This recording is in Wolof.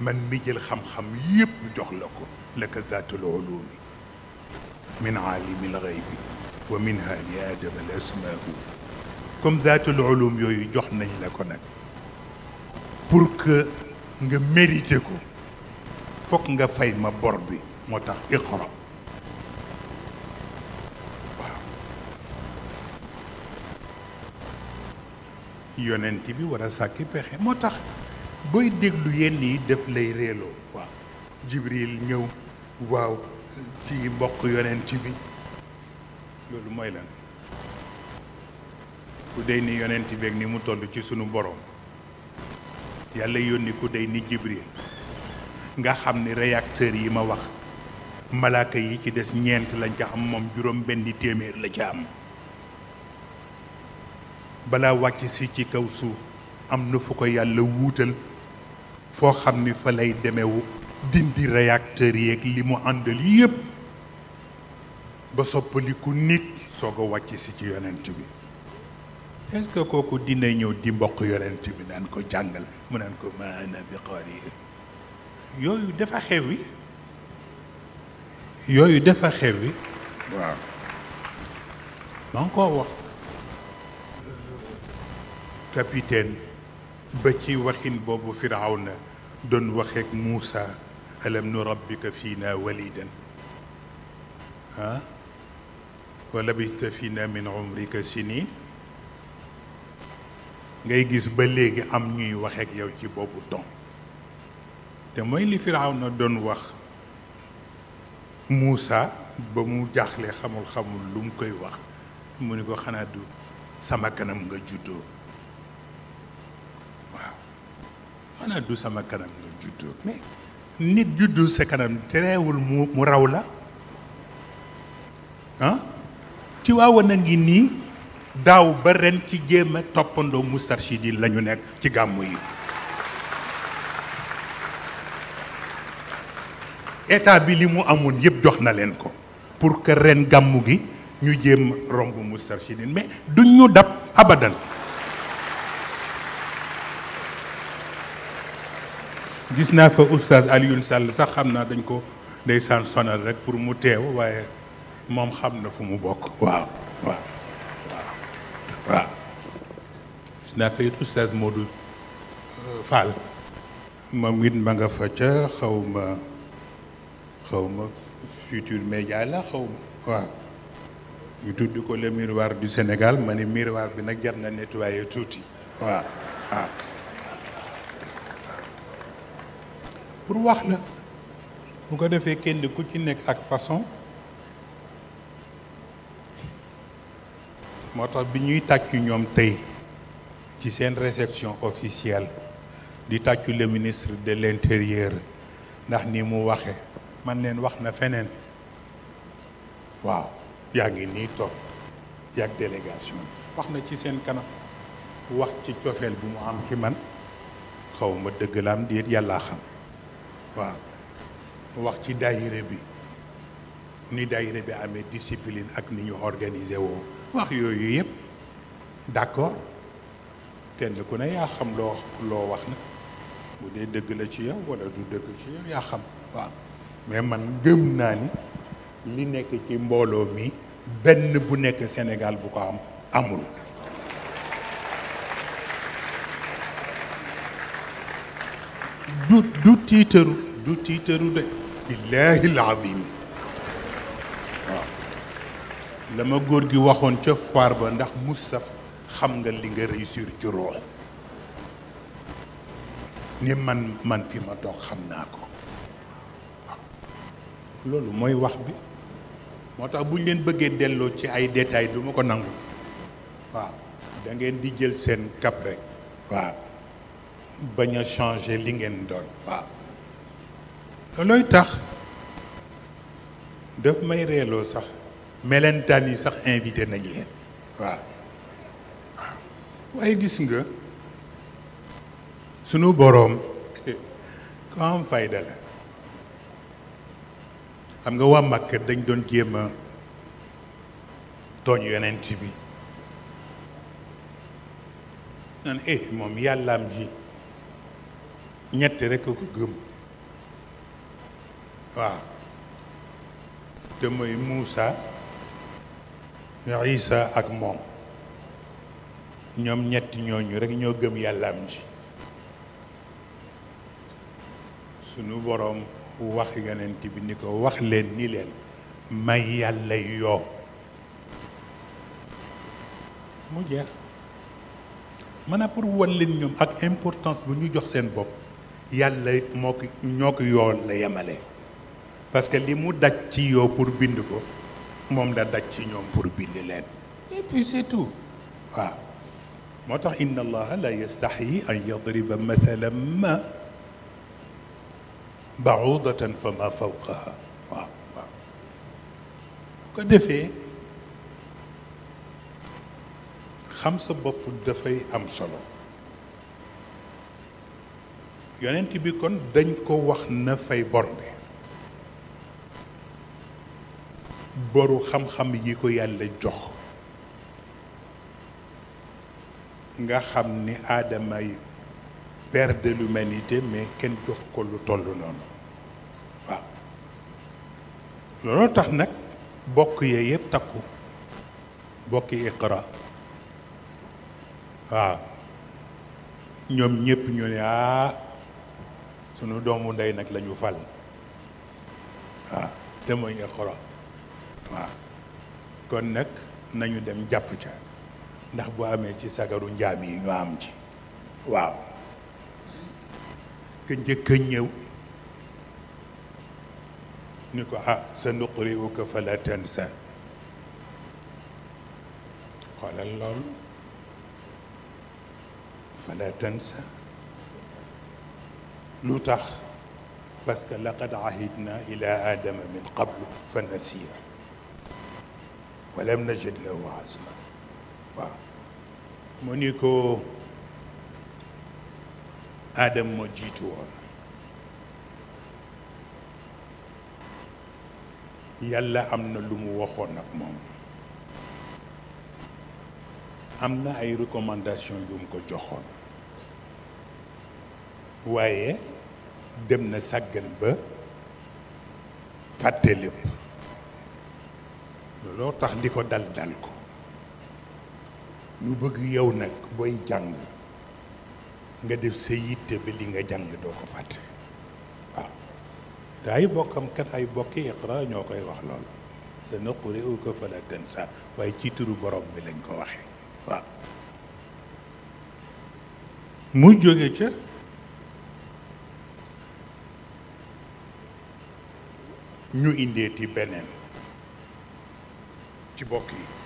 من مي الخم خم يب جغلك لك ذات العلوم من عالم الغيب ومنها لآدم الأسماء كم ذات العلوم يوي جحن لكنا بورك نغ فوق نغ فاي ما بربي موتا اقرا يونتي بي ورا ساكي بخي موتا booy déglu yenn yi def lay réeloo waaw jibril ñëw waaw ci mbokk yonent bi loolu mooy lan ku dey ni yonent beeg ni mu toll ci sunu borom yàlla yónni ku dey ni jibril nga xam ni réacteurs yi ma wax malaaka yi ci des ñeent lañ ca am moom juróom benni téeméer la ca am balaa wàcc si ci kaw suuf am na fu ko yàlla wuutal fo xamni fa lay demewu dindi réacteur yi ak limu àndal yépp ba soppaliku nit soog wàcc ci ci yonent bi est-ce que koku dina ñëw di mbokk yonent bi nan ko jàngal mu nan ko maana bi qaari yooyu dafa wi yoyu dafa xewi waaw maa ngi koo wax capitaine ba ci waxin boobu firawna doon waxeek Muusa alam nu rabbika fiina walidan ah wa labista fiina min umrika sinin ngay gis ba léegi am ñuy waxeek yow ci boobu ton te mooy li firawna doon wax Muusa ba mu jaaxle xamul xamul lu mu koy wax mu ni ko xanaa du sama kanam nga juddoo sama kanam nit juddu sa kanam tereewul mu raw la ah ci waawoon a ngi nii daaw ba ren ci jéem toppandoo Moustarchidine la ñu nekk ci gàmmu yi état bi li mu amoon yëpp jox na leen ko pour que ren gàmmu gi ñu jéem romb Moustarchidine mais duñ ñu dab abadan gis naa ko oustaz Alioune Sall sax xam naa dañ ko ndeysaan sonal rek pour mu teew waaye moom xam na fu mu bokk waaw waaw waaw gis naa ko it oustaz Modou euh, Fall moom it ma nga fa ca xaw ma xaw ma futur média la xaw ma waaw ñu tudd ko le miroir du Sénégal ma ne miroir bi nag jar na nettoyer tuuti waaw waaw pour wax la bu ko defee kenn ku ci nekk ak façon moo tax bi ñuy tàccu ñoom tey ci seen réception officielle di tàccu le ministre de l'intérieur ndax ni mu waxe man leen wax na feneen waaw yaa ngi nii toog yàgg délégation wax na ci seen kanam wax ci cofeel bu mu am ci man xaw ma dëgg la xam waaw wax ci daayire bi ni daayire bi amee discipline ak ni ñu organiser woo wax yooyu yëpp d'accord kenn ku ne yaa xam loo loo wax na bu dee dëgg la ci yow wala du dëgg ci yow yaa xam waaw mais man gëm naa ni li nekk ci mbooloo mi benn bu nekk Sénégal bu ko am amul du du tiitaru du tiitaru de billaahi alazim waaw la ma góor gi waxoon ca foire ba ndax Moustapha xam nga li nga réussir ci roox ni man man fi ma toog xam naa ko loolu mooy wax bi moo tax bu ñu leen bëggee delloo ci ay détails du ma ko nangu waaw da ngeen di jël seen cap rek waaw bañ a changer li ngeen doon waaw loolooy tax daf may reeloo sax melentaan yi sax invité nañ leen waaw waaye gis nga sunu boroom ko am xam nga waa Makka dañ doon jéem a tooñ yonent bi naan eh moom yàllaam ji ñett rekk ko gëm waaw te mooy Muusa Isa ak moom ñoom ñetti ñooñu rekk ñoo gëm am ji sunu boroom wax yonent bi ni ko wax leen ni leen may yàlla yoo mu jeex maanaam pour won leen ñoom ak importance bu ñu jox seen bopp yàlla moo ko ñoo ko yoo la yemale parce que li mu daj ci yow pour bind ko moom la daj ci ñoom pour bind leen et puis c'est tout waaw moo tax inna allah la yastahi an yadriba mathalan ma baudatan fa ma fawqaha waaw waaw bu ko defee xam sa bopp dafay am solo yonent bi kon dañ ko wax na fay bor boru xam-xam yi ko yàlla jox nga xam ni aadama yi père de l'humanité mais kenn jox ko lu toll noonu waaw looloo tax nag bokk yee yëpp takku bokki iqra waaw ñoom ñëpp ñu ne ah sunu doomu ndey nag lañu ñu fal waaw te mooy iqra waaw kon nag nañu dem jàpp ca ndax bu amee ci sagaru njaam yi ñu am ci waaw ka njëkk a ñëw ni ko ah sa nuquri uka fala tansa xoolal loolu fala tansa lu tax parce que laqad ahidna ila adama min qablu fa nasiya walam mna lahu azma monico. adam ni yalla amna moo jiitu na lu mu waxoon ak moom ay recommandation yu mu ko joxoon waaye dem ba loo tax di ko dal dal ko ñu bëgg yow nag booy jàng nga def sa yitte ba li nga jàng doo ko fàtte te ay bokkam kat ay bokki iqra ñoo koy wax loolu sanaqri'uka falaa tansaa waaye ci turu borom bi lañ ko waxee mu jóge ca ñu indeeti beneen ci bokk yi